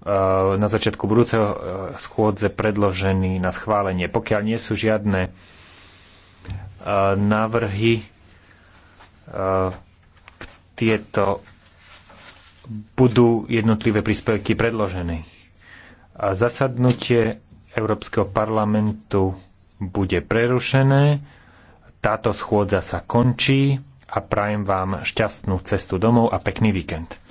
Eh, na začiatku budúceho eh, schôdze predložený na schválenie. Pokiaľ nie sú žiadne eh, návrhy, tieto budú jednotlivé príspevky predložené. A zasadnutie Európskeho parlamentu bude prerušené, táto schôdza sa končí a prajem vám šťastnú cestu domov a pekný víkend.